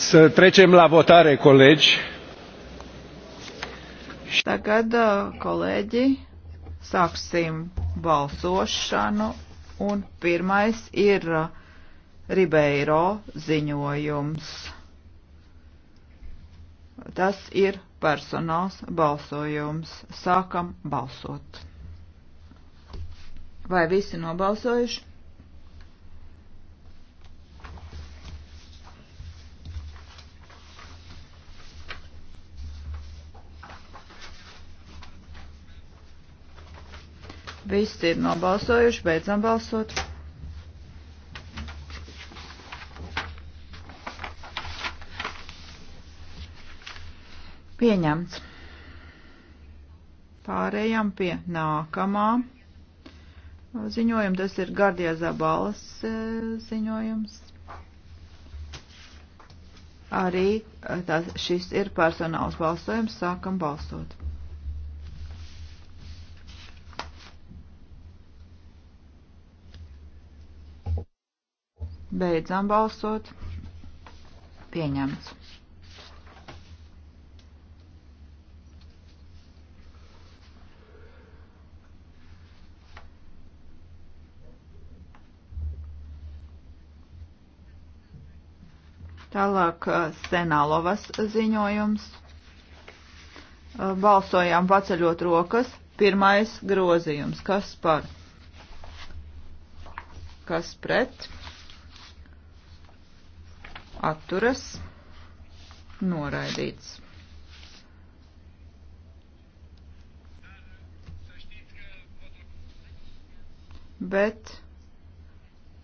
Să trecem la votare, colegi. Tagad, uh, kolēģi, sāksim balsošanu un pirmais ir uh, Ribeiro ziņojums. Tas ir personāls balsojums. Sākam balsot. Vai visi nobalsojuši? Visi ir nobalsojuši, beidzam balsot. Pieņemts. Pārējām pie nākamā ziņojuma. Tas ir Gardijā Zabalas e, ziņojums. Arī e, tas, šis ir personāls balsojums. Sākam balsot. Beidzam balsot. Pieņemts. Tālāk uh, Senālovas ziņojums. Uh, balsojām paceļot rokas. Pirmais grozījums. Kas par? Kas pret? atturas noraidīts. Bet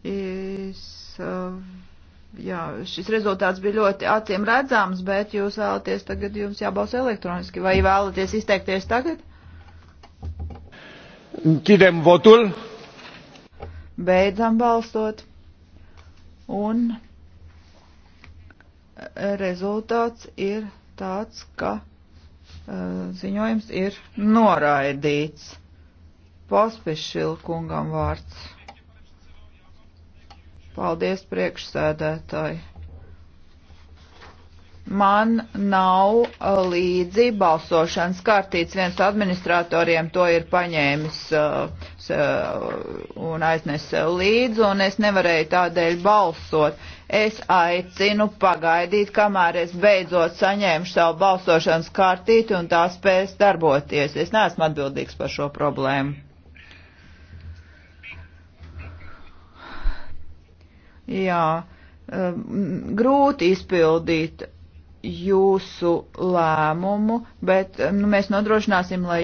es, uh, jā, šis rezultāts bija ļoti acīm redzams, bet jūs vēlaties tagad, jums jābalso elektroniski, vai vēlaties izteikties tagad? Ķidem votul. Beidzam balsot. Un rezultāts ir tāds, ka eh, ziņojums ir noraidīts. Pospišilkungam vārds. Paldies priekšsēdētāji. Man nav uh, līdzi balsošanas kartīts. Viens no administratoriem to ir paņēmis uh, uh, un aiznes līdzi, un es nevarēju tādēļ balsot. Es aicinu pagaidīt, kamēr es beidzot saņēmu savu balsošanas kartīti un tā spēs darboties. Es neesmu atbildīgs par šo problēmu. Jā, um, grūti izpildīt jūsu lēmumu, bet nu, mēs nodrošināsim, lai